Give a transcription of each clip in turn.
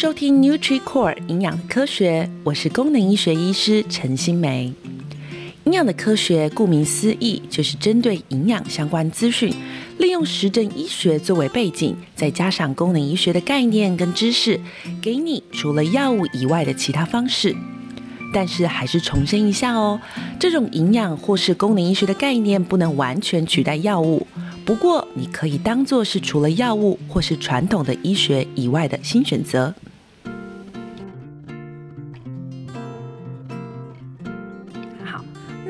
收聽 NutriCore 營養科學，我是功能醫學醫師陳欣湄。營養的科學，顧名思義，就是針對營養相關資訊，利用實證醫學作為背景，再加上功能醫學的概念跟知識，給你除了藥物以外的其他方式。但是還是重申一下哦，這種營養或是功能醫學的概念，不能完全取代藥物。不過你可以當做是除了藥物或是傳統的醫學以外的新選擇。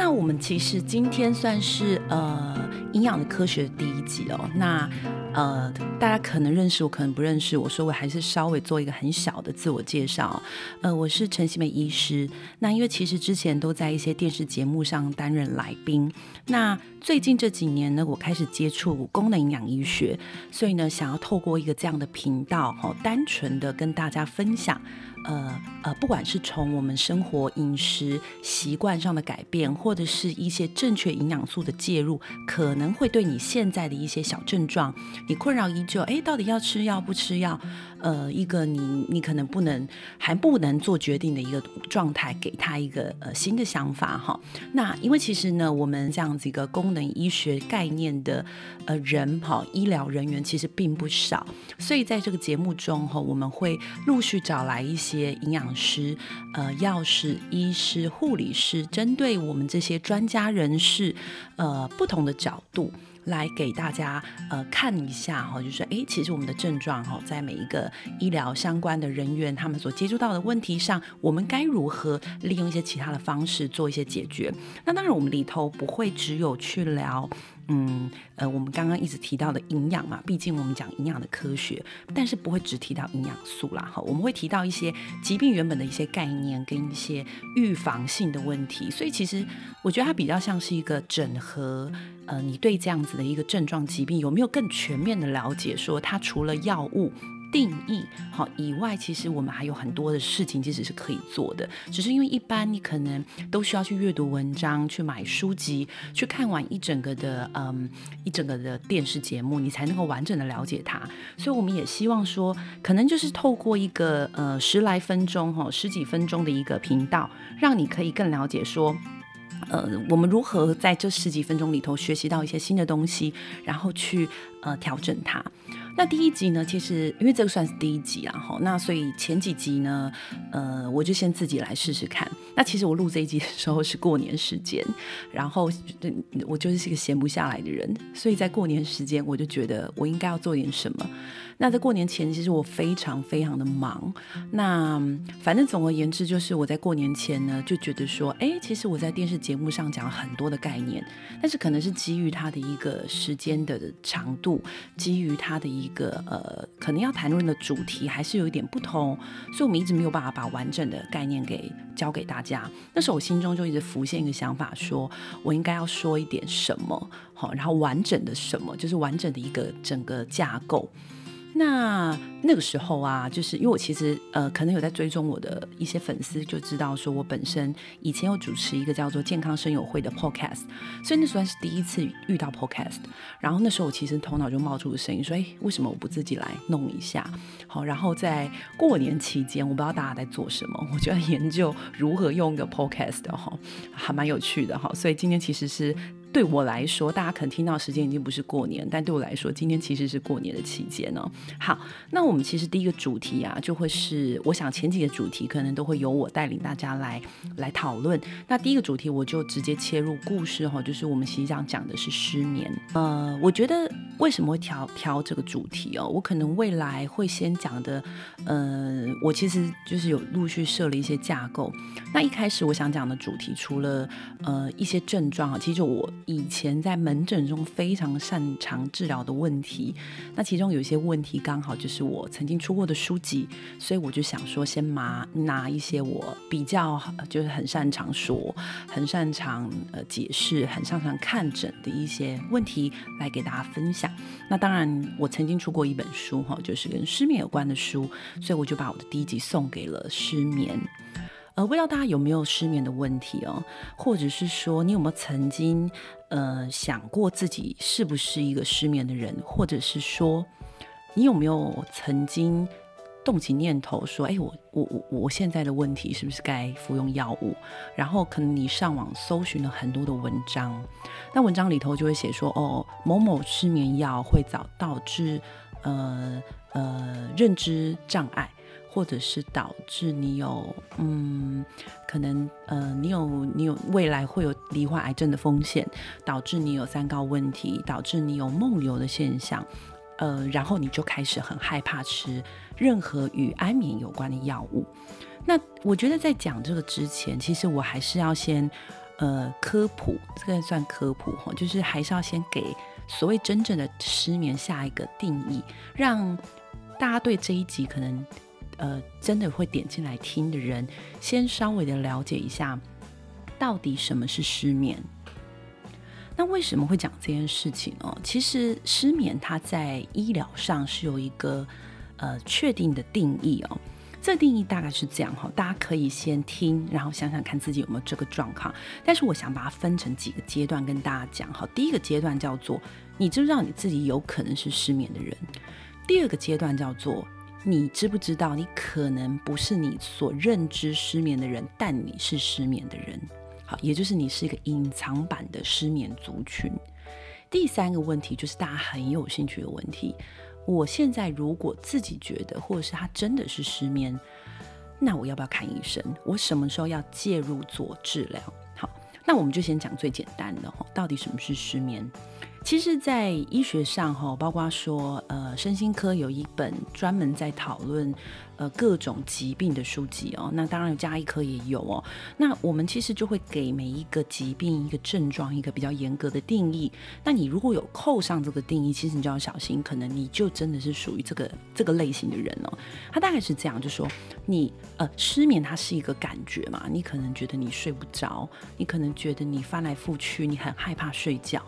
那我們其實今天算是呃營養的科學的第一集哦。那呃大家可能認識我，可能不認識我，說我還是稍微做一個很小的自我介紹。呃，我是陳欣湄醫師。那因為其實之前都在一些電視節目上擔任來賓。那最近這幾年呢，我開始接觸功能營養醫學，所以呢，想要透過一個這樣的頻道，單純的跟大家分享。呃呃，不管是從我們生活飲食習慣上的改變，或者是一些正確營養素的介入，可能會對你現在的一些小症狀，你困擾依舊，誒，到底要吃藥不吃藥？呃，一個你你可能不能還不能做決定的一個狀態，給他一個呃新的想法哈。那因為其實呢，我們這樣子一個功能醫學概念的呃人哈，醫療人員其實並不少，所以在這個節目中哈，我們會陸續找來一些。些營養師、呃、藥師、醫師、護理師，針對我們這些專家人士，呃，不同的角度來給大家呃看一下哈，就是哎、欸，其實我們的症狀哈，在每一個醫療相關的人員他們所接觸到的問題上，我們該如何利用一些其他的方式做一些解決？那當然，我們裡頭不會只有去聊。嗯，呃，我們剛剛一直提到的營養嘛，畢竟我們講營養的科學，但是不會只提到營養素啦，哈，我們會提到一些疾病原本的一些概念跟一些預防性的問題，所以其實我覺得它比較像是一個整合，呃，你對這樣子的一個症狀疾病有沒有更全面的了解？說它除了藥物。定義好以外，其實我們還有很多的事情其實是可以做的，只是因為一般你可能都需要去閱讀文章、去買書籍、去看完一整個的嗯一整個的電視節目，你才能夠完整的了解它。所以我們也希望說，可能就是透過一個呃十來分鐘哈十幾分鐘的一個頻道，讓你可以更了解說，呃我們如何在這十幾分鐘裡頭學習到一些新的東西，然後去呃調整它。那第一集呢？其實因為這個算是第一集啊，哈。那所以前幾集呢，呃，我就先自己來試試看。那其實我錄這一集的時候是過年時間，然後我就是一個閒不下來的人，所以在過年時間，我就覺得我應該要做點什麼。那在過年前，其實我非常非常的忙。那反正總而言之，就是我在過年前呢，就覺得說，哎，其實我在電視節目上講了很多的概念，但是可能是基於它的一個時間的長度，基於它的一個呃，可能要談論的主題還是有一點不同，所以我們一直沒有辦法把完整的概念給教給大家。那時候我心中就一直浮現一個想法說，說我應該要說一點什麼好，然後完整的什麼，就是完整的一個整個架構。那那個時候啊，就是因為我其實呃，可能有在追蹤我的一些粉絲，就知道說我本身以前有主持一個叫做《健康聲友會》的 Podcast，所以那時候是第一次遇到 Podcast。然後那時候我其實頭腦就冒出了聲音，說：“哎、欸，為什麼我不自己來弄一下？”好，然後在過年期間，我不知道大家在做什麼，我就要研究如何用一個 Podcast，哈，還蠻有趣的哈。所以今天其實是。對我來說，大家可能聽到時間已經不是過年，但對我來說，今天其實是過年的期間呢、哦。好，那我們其實第一個主題啊，就會是我想前幾個主題可能都會由我帶領大家來來討論。那第一個主題我就直接切入故事哈、哦，就是我們實際上講的是失眠。呃，我覺得為什麼會挑挑這個主題哦？我可能未來會先講的，呃，我其實就是有陸續設了一些架構。那一開始我想講的主題，除了呃一些症狀啊，其實就我。以前在門診中非常擅長治療的問題，那其中有一些問題剛好就是我曾經出過的書籍，所以我就想說先拿拿一些我比較就是很擅長說、很擅長呃解釋、很擅長看診的一些問題來給大家分享。那當然，我曾經出過一本書哈，就是跟失眠有關的書，所以我就把我的第一集送給了失眠。不知道大家有沒有失眠的問題哦，或者是說你有沒有曾經呃想過自己是不是一個失眠的人，或者是說你有沒有曾經動起念頭說，哎、欸，我我我我現在的問題是不是該服用藥物？然後可能你上網搜尋了很多的文章，那文章裡頭就會寫說，哦，某某失眠藥會早導致呃呃認知障礙。或者是導致你有嗯，可能呃，你有你有未來會有罹患癌症的風險，導致你有三高問題，導致你有夢遊的現象，呃，然後你就開始很害怕吃任何與安眠有關的藥物。那我覺得在講這個之前，其實我還是要先呃科普，這個算科普哈，就是還是要先給所謂真正的失眠下一個定義，讓大家對這一集可能。呃，真的會點進來聽的人，先稍微的了解一下，到底什麼是失眠？那為什麼會講這件事情哦？其實失眠它在醫療上是有一個呃確定的定義哦。這個定義大概是這樣哈哦，大家可以先聽，然後想想看自己有沒有這個狀況。但是我想把它分成幾個階段跟大家講哈。第一個階段叫做，你知不知道你自己有可能是失眠的人。第二個階段叫做，你知不知道，你可能不是你所認知失眠的人，但你是失眠的人，好，也就是你是一個隱藏版的失眠族群。第三個問題就是大家很有興趣的問題，我現在如果自己覺得，或者是他真的是失眠，那我要不要看醫生？我什麼時候要介入做治療？好，那我們就先講最簡單的，到底什麼是失眠？其實，在醫學上，哈，包括說，呃，身心科有一本專門在討論，呃，各種疾病的書籍哦。那當然，家醫科也有哦。那我們其實就會給每一個疾病一個症狀，一個比較嚴格的定義。那你如果有扣上這個定義，其實你就要小心，可能你就真的是屬於這個這個類型的人哦。他大概是這樣，就是說，你，呃，失眠它是一個感覺嘛，你可能覺得你睡不着，你可能覺得你翻來覆去，你很害怕睡覺。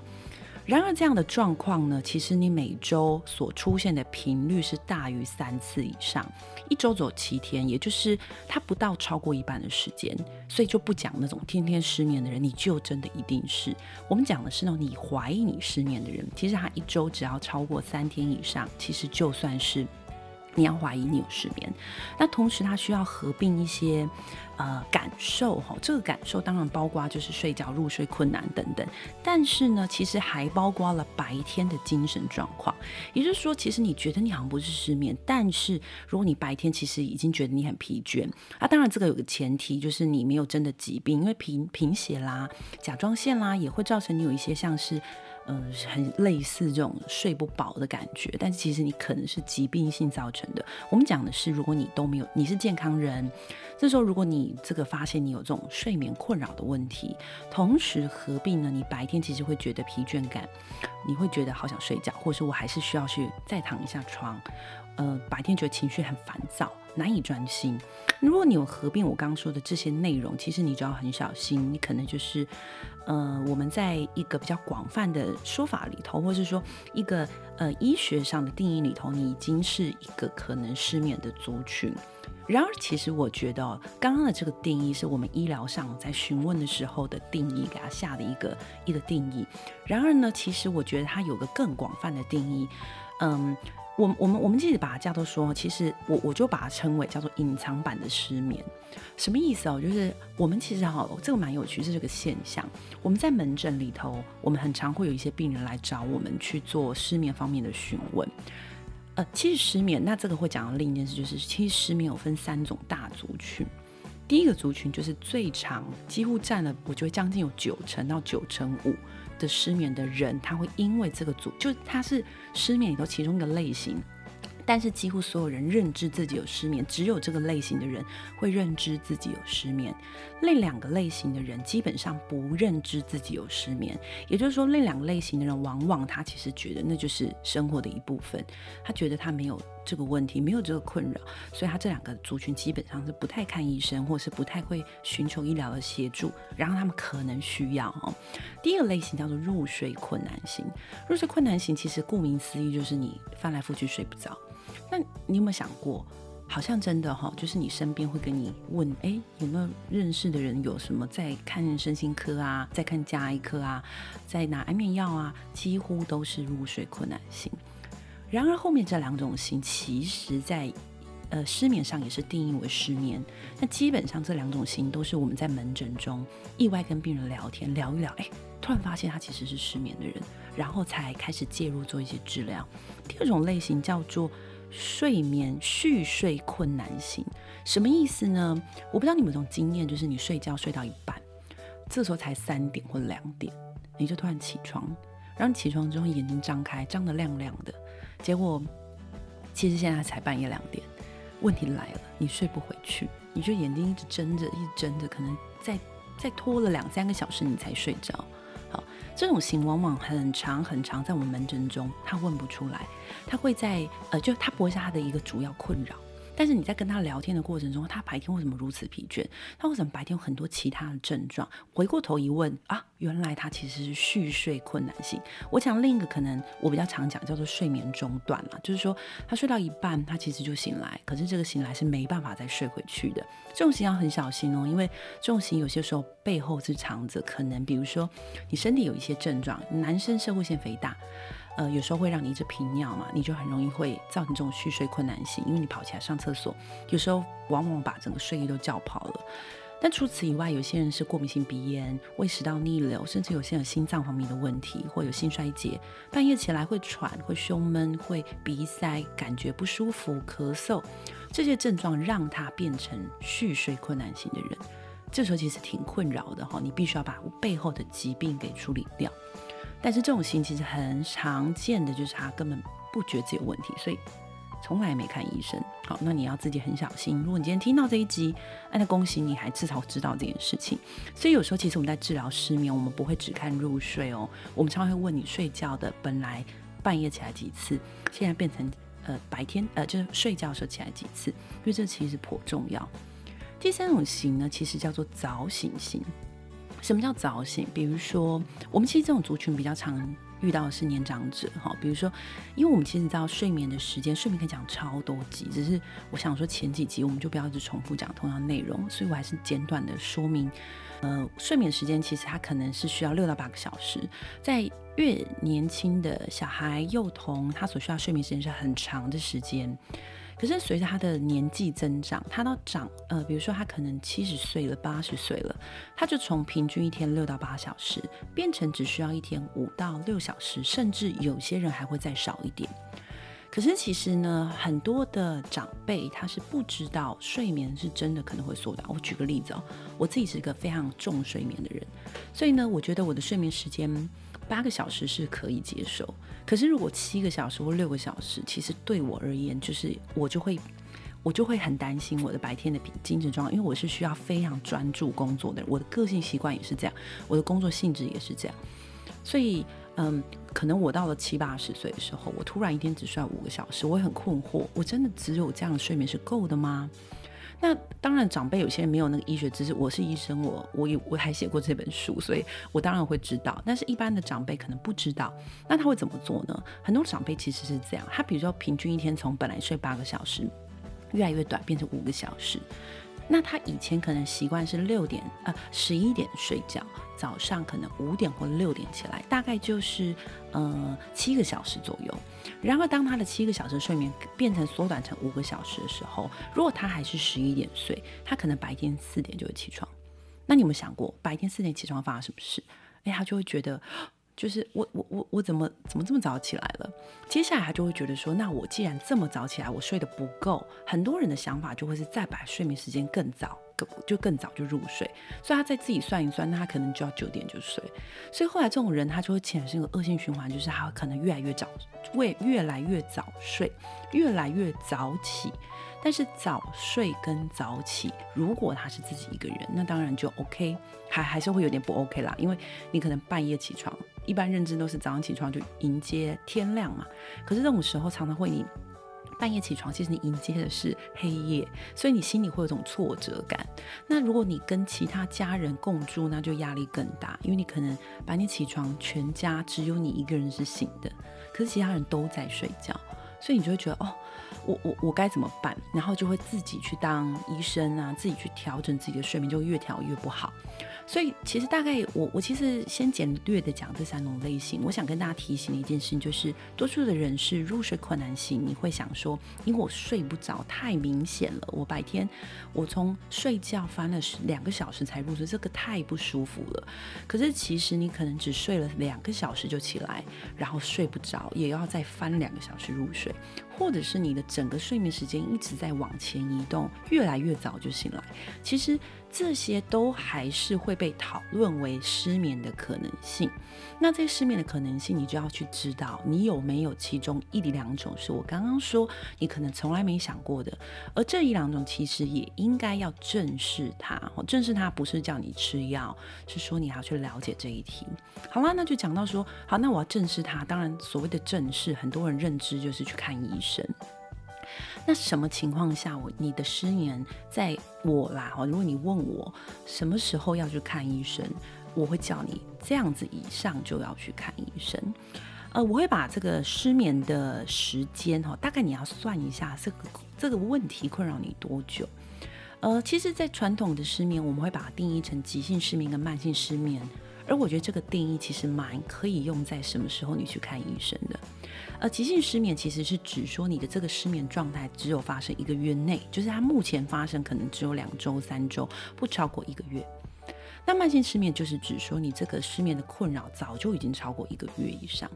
然而，這樣的狀況呢，其實你每周所出現的頻率是大於三次以上，一周走七天，也就是他不到超過一半的時間，所以就不講那種天天失眠的人，你就真的一定是。我們講的是那種你懷疑你失眠的人，其實他一周只要超過三天以上，其實就算是。你要懷疑你有失眠，那同時他需要合併一些呃感受哈，這個感受當然包括就是睡覺入睡困難等等，但是呢，其實還包括了白天的精神狀況，也就是說，其實你覺得你好像不是失眠，但是如果你白天其實已經覺得你很疲倦啊，當然這個有個前提就是你沒有真的疾病，因為貧貧血啦、甲狀腺啦也會造成你有一些像是。嗯、呃，很類似這種睡不飽的感覺，但其實你可能是疾病性造成的。我們講的是，如果你都沒有，你是健康人，這時候如果你這個發現你有這種睡眠困擾的問題，同時合併呢，你白天其實會覺得疲倦感，你會覺得好想睡覺，或者說我還是需要去再躺一下床。呃，白天覺得情緒很煩躁，難以專心。如果你有合併我剛剛說的這些內容，其實你就要很小心。你可能就是，呃，我們在一個比較廣泛的說法裡頭，或是說一個呃醫學上的定義裡頭，你已經是一個可能失眠的族群。然而，其實我覺得喔，剛剛的這個定義是我們醫療上在詢問的時候的定義，給他下的一個一個定義。然而呢，其實我覺得它有個更廣泛的定義，嗯。我我們我們一直把它叫做說，其實我我就把它稱為叫做隱藏版的失眠，什麼意思哦？就是我們其實好這個蠻有趣，是這個現象。我們在門診裡頭，我們很常會有一些病人來找我們去做失眠方面的詢問。呃，其實失眠，那這個會講到另一件事，就是其實失眠有分三種大族群。第一個族群就是最長，幾乎占了，我覺得將近有九成到九成五的失眠的人，他會因為這個組，就他是失眠裡頭其中一個類型，但是幾乎所有人認知自己有失眠，只有這個類型的人會認知自己有失眠，那兩個類型的人基本上不認知自己有失眠，也就是說，那兩個類型的人往往他其實覺得那就是生活的一部分，他覺得他沒有。這個問題沒有這個困擾，所以他這兩個族群基本上是不太看醫生，或是不太會尋求醫療的協助。然後他們可能需要、哦、第二個類型叫做入睡困難型。入睡困難型其實顧名思義就是你翻來覆去睡不着。那你有沒有想過，好像真的、哦、就是你身邊會跟你問，誒，有沒有認識的人有什麼在看身心科啊，在看家醫科啊，在拿安眠藥啊，幾乎都是入睡困難型。然而，後面這兩種型，其實在呃失眠上也是定義為失眠。那基本上這兩種型都是我們在門診中意外跟病人聊天聊一聊，哎，突然發現他其實是失眠的人，然後才開始介入做一些治療。第二種類型叫做睡眠續睡困難型，什麼意思呢？我不知道你們有沒有這種經驗，就是你睡覺睡到一半，這時候才三點或兩點，你就突然起床，然後起床之後眼睛張開，張得亮亮的。結果，其實現在才半夜兩點，問題來了，你睡不回去，你就眼睛一直睜着，一直睜着，可能再再拖了兩三個小時，你才睡着。好，這種型往往很長很長，在我們門診中，他問不出來，他會在呃，就他不會是他的一個主要困擾。但是你在跟他聊天的過程中，他白天為什麼如此疲倦？他為什麼白天有很多其他的症狀？回過頭一問啊，原來他其實是續睡困難型。我想另一個可能，我比較常講叫做睡眠中斷了，就是說他睡到一半，他其實就醒來，可是這個醒來是沒辦法再睡回去的。這種型要很小心哦、喔，因為這種型有些時候背後是藏着可能，比如說你身體有一些症狀，男生攝護腺肥大。呃，有時候會讓你一直頻尿嘛，你就很容易會造成這種續睡困難型，因為你跑起來上廁所，有時候往往把整個睡意都叫跑了。但除此以外，有些人是過敏性鼻炎、胃食道逆流，甚至有些人有心臟方面的問題，或有心衰竭，半夜起來會喘、會胸悶、會鼻塞、感覺不舒服、咳嗽，這些症狀讓他變成續睡困難型的人，這時候其實挺困擾的哈，你必須要把我背後的疾病給處理掉。但是這種型其實很常見的，就是他根本不覺得自己有問題，所以從來沒看醫生。好，那你要自己很小心。如果你今天聽到這一集，那恭喜你還至少知道這件事情。所以有時候其實我們在治療失眠，我們不會只看入睡哦、喔，我們常常會問你睡覺的本來半夜起來幾次，現在變成呃，白天呃，就是睡覺的時候起來幾次，因為這其實頗重要。第三種型呢，其實叫做早醒型。什麼叫早醒？比如說，我們其實這種族群比較常遇到的是年長者，哈。比如說，因為我們其實知道睡眠的時間，睡眠可以講超多集，只是我想說前幾集我們就不要一直重複講同樣內容，所以我還是簡短的說明。呃，睡眠時間其實它可能是需要六到八個小時，在越年輕的小孩、幼童，他所需要睡眠時間是很長的時間。可是隨着他的年紀增長，他到長呃，比如說他可能七十歲了、八十歲了，他就從平均一天六到八小時變成只需要一天五到六小時，甚至有些人還會再少一點。可是其實呢，很多的長輩他是不知道睡眠是真的可能會縮短。我舉個例子哦、喔，我自己是一個非常重睡眠的人，所以呢，我覺得我的睡眠時間。八個小時是可以接受，可是如果七個小時或六個小時，其實對我而言，就是我就會，我就會很擔心我的白天的精神狀態，因為我是需要非常專注工作的人，我的個性習慣也是這樣，我的工作性質也是這樣，所以，嗯，可能我到了七八十歲的時候，我突然一天只睡五個小時，我會很困惑，我真的只有這樣的睡眠是夠的嗎？那當然，長輩有些人沒有那個醫學知識。我是醫生，我我也我還寫過這本書，所以我當然會知道。但是一般的長輩可能不知道，那他會怎麼做呢？很多長輩其實是這樣，他比如說平均一天從本來睡八個小時，越來越短，變成五個小時。那他以前可能習慣是六點呃十一點睡覺，早上可能五點或六點起來，大概就是呃七個小時左右。然而，當他的七個小時睡眠變成縮短成五個小時的時候，如果他還是十一點睡，他可能白天四點就會起床。那你有沒有想過，白天四點起床發生什麼事？哎、欸，他就會覺得。就是我我我我怎麼怎麼這麼早起來了？接下來他就會覺得說，那我既然這麼早起來，我睡得不夠。很多人的想法就會是再把睡眠時間更早，更就更早就入睡。所以他再自己算一算，那他可能就要九點就睡。所以後來這種人，他就會產生一個惡性循環，就是他可能越來越早，會越來越早睡，越來越早起。但是早睡跟早起，如果他是自己一個人，那當然就 OK，還還是會有點不 OK 啦，因為你可能半夜起床。一般認知都是早上起床就迎接天亮嘛，可是這種時候常常會你半夜起床，其實你迎接的是黑夜，所以你心裡會有種挫折感。那如果你跟其他家人共住，那就壓力更大，因為你可能半夜起床，全家只有你一個人是醒的，可是其他人都在睡覺，所以你就會覺得哦，我我我該怎麼辦？然後就會自己去當醫生啊，自己去調整自己的睡眠，就越調越不好。所以，其實大概我我其實先簡略的講這三種類型。我想跟大家提醒的一件事情，就是多數的人是入睡困難型。你會想說，因為我睡不着，太明顯了。我白天我從睡覺翻了兩個小時才入睡，這個太不舒服了。可是其實你可能只睡了兩個小時就起來，然後睡不着也要再翻兩個小時入睡，或者是你的整個睡眠時間一直在往前移動，越來越早就醒來。其實。這些都還是會被討論為失眠的可能性。那這失眠的可能性，你就要去知道你有沒有其中一兩種是我剛剛說你可能從來沒想過的。而這一兩種其實也應該要正視它，正視它不是叫你吃藥，是說你要去了解這一題。好啦，那就講到說，好，那我要正視它。當然，所謂的正視，很多人認知就是去看醫生。那什麼情況下我你的失眠在我啦？哈，如果你問我什麼時候要去看醫生，我會叫你這樣子以上就要去看醫生。呃，我會把這個失眠的時間哈，大概你要算一下這個這個問題困擾你多久。呃，其實，在傳統的失眠，我們會把它定義成急性失眠跟慢性失眠。而我覺得這個定義其實蠻可以用在什麼時候你去看醫生的。呃，急性失眠其實是指說你的這個失眠狀態只有發生一個月內，就是它目前發生可能只有兩週、三週，不超過一個月。那慢性失眠就是指說你這個失眠的困擾早就已經超過一個月以上。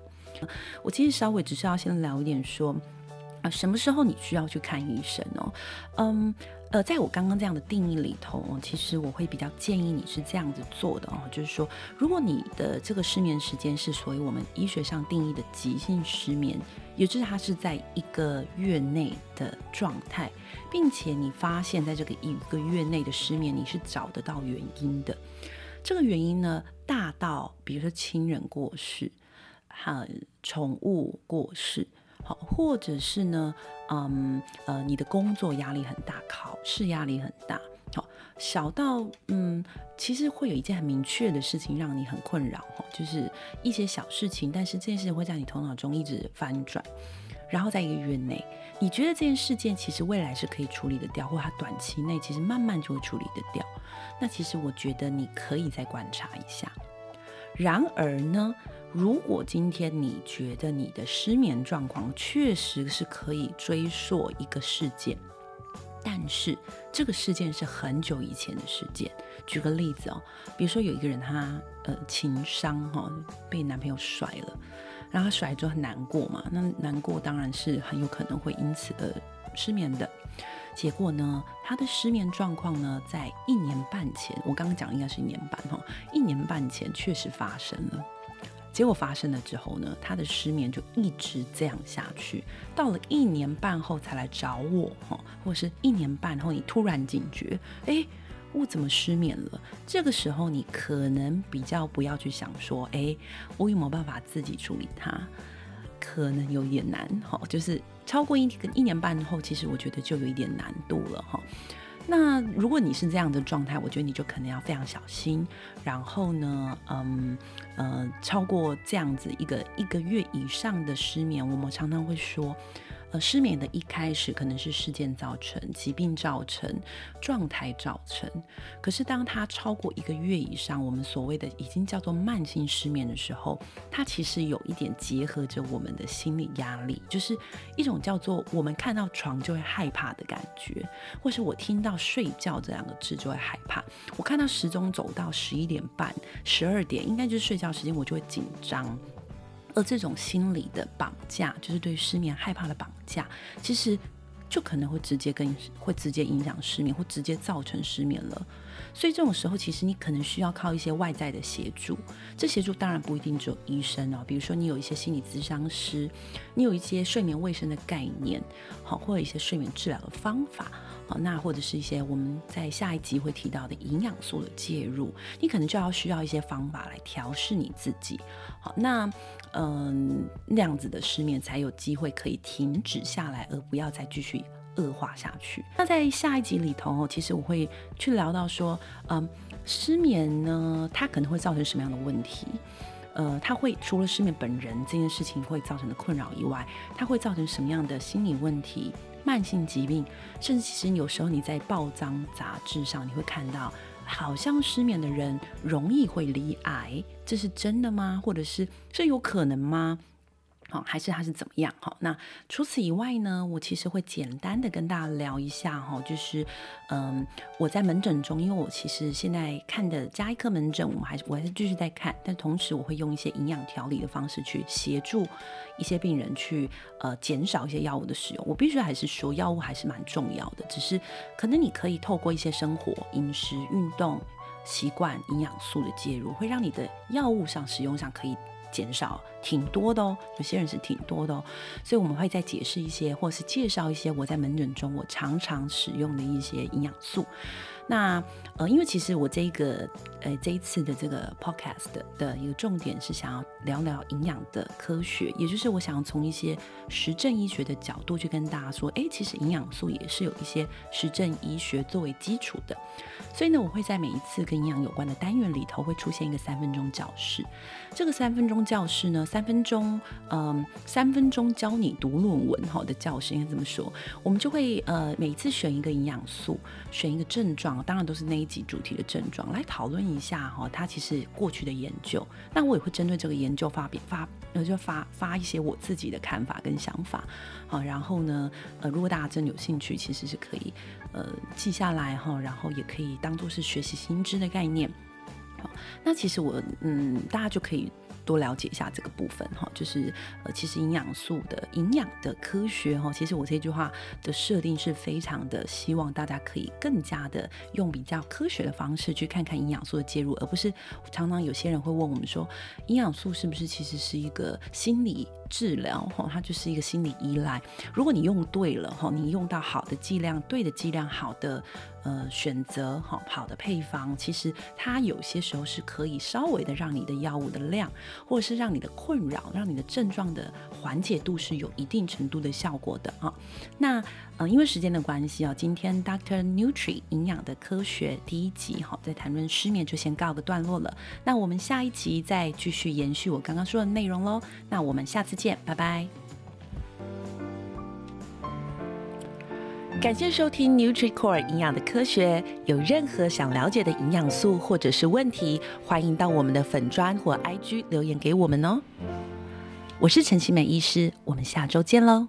我其實稍微只是要先聊一點說啊、呃，什麼時候你需要去看醫生哦？嗯、um,。呃，在我剛剛這樣的定義裡頭，其實我會比較建議你是這樣子做的哦，就是說，如果你的這個失眠時間是屬於我們醫學上定義的急性失眠，也就是它是在一個月內的狀態，並且你發現在這個一個月內的失眠，你是找得到原因的。這個原因呢，大到比如說親人過世，哈、嗯，寵物過世。好，或者是呢，嗯，呃，你的工作壓力很大，考試壓力很大，好，小到嗯，其實會有一件很明確的事情讓你很困擾哈，就是一些小事情，但是這件事情會在你頭腦中一直翻轉，然後在一個月內，你覺得這件事件其實未來是可以處理得掉，或它短期內其實慢慢就會處理得掉，那其實我覺得你可以再觀察一下，然而呢，如果今天你覺得你的失眠狀況確實是可以追溯一個事件，但是這個事件是很久以前的事件。舉個例子哦，比如說有一個人他，他呃情傷哈、哦、被男朋友甩了，然後他甩之後很難過嘛，那難過當然是很有可能會因此而失眠的。結果呢，他的失眠狀況呢在一年半前，我剛剛講應該是一年半哈、哦，一年半前確實發生了。結果發生了之後呢，他的失眠就一直這樣下去，到了一年半後才來找我，或者是一年半後你突然警覺，哎，我怎麼失眠了？這個時候你可能比較不要去想說，哎，我有沒有辦法自己處理它？可能有點難，就是超過一個一年半後，其實我覺得就有一點難度了。那如果你是這樣的狀態，我覺得你就可能要非常小心。然後呢，嗯，呃，超過這樣子一個一個月以上的失眠，我們常常會說。呃，失眠的一開始可能是事件造成、疾病造成、狀態造成。可是當它超過一個月以上，我們所謂的已經叫做慢性失眠的時候，它其實有一點結合着我們的心理壓力，就是一種叫做我們看到床就會害怕的感覺，或是我聽到睡覺這兩個字就會害怕。我看到時鐘走到十一點半、十二點，應該就是睡覺時間，我就會緊張。而這種心理的綁架，就是對失眠害怕的綁架，其實就可能會直接跟會直接影響失眠，或直接造成失眠了。所以這種時候，其實你可能需要靠一些外在的協助。這協助當然不一定只有醫生哦、喔，比如說你有一些心理諮商師，你有一些睡眠衛生的概念，好，或者一些睡眠治療的方法。好，那或者是一些我們在下一集會提到的營養素的介入，你可能就要需要一些方法來調適你自己。好，那嗯，那樣子的失眠才有機會可以停止下來，而不要再繼續惡化下去。那在下一集裡頭，其實我會去聊到說，嗯，失眠呢，它可能會造成什麼樣的問題？呃，它會除了失眠本人這件事情會造成的困擾以外，它會造成什麼樣的心理問題？慢性疾病，甚至其實有時候你在報章雜誌上，你會看到好像失眠的人容易會罹癌，這是真的嗎？或者是這有可能嗎？好，還是他是怎麼樣？好，那除此以外呢？我其實會簡單的跟大家聊一下哈，就是嗯，我在門診中，因為我其實現在看的家醫科門診，我們還是我還是繼續在看，但同時我會用一些營養調理的方式去協助一些病人去呃減少一些藥物的使用。我必須還是說，藥物還是蠻重要的，只是可能你可以透過一些生活、飲食、運動習慣、營養素的介入，會讓你的藥物上使用上可以減少。挺多的哦，有些人是挺多的哦，所以我們會再解釋一些，或是介紹一些我在門診中我常常使用的一些營養素。那呃，因為其實我這一個呃這一次的這個 Podcast 的一個重點是想要聊聊營養的科學，也就是我想從一些實證醫學的角度去跟大家說，哎，其實營養素也是有一些實證醫學作為基礎的。所以呢，我會在每一次跟營養有關的單元裡頭會出現一個三分鐘教室。這個三分鐘教室呢，三分鐘，嗯，三分鐘教你讀論文哈的教師應該怎麼說？我們就會呃，每次選一個營養素，選一個症狀，當然都是那一集主題的症狀來討論一下哈、哦。它其實過去的研究，那我也會針對這個研究發表發呃，就發發一些我自己的看法跟想法。好、哦，然後呢，呃，如果大家真有興趣，其實是可以呃記下來哈、哦，然後也可以當做是學習新知的概念。哦、那其實我嗯，大家就可以。多了解一下這個部分哈，就是呃，其實營養素的營養的科學哈，其實我這句話的設定是非常的，希望大家可以更加的用比較科學的方式去看看營養素的介入，而不是常常有些人會問我們說，營養素是不是其實是一個心理。治療哈、哦，它就是一個心理依賴。如果你用對了哈、哦，你用到好的劑量、對的劑量、好的呃選擇哈、哦、好的配方，其實它有些時候是可以稍微的讓你的藥物的量，或者是讓你的困擾、讓你的症狀的緩解度是有一定程度的效果的啊、哦。那呃，因為時間的關係啊，今天 Doctor Nutri 營養的科學第一集哈、哦，在談論失眠就先告個段落了。那我們下一集再繼續延續我剛剛說的內容嘍。那我們下次見，拜拜。感謝收聽 NutriCore 營養的科學。有任何想了解的營養素或者是問題，歡迎到我們的粉專或 IG 留言給我們哦。我是陳欣湄醫師，我們下周見嘍。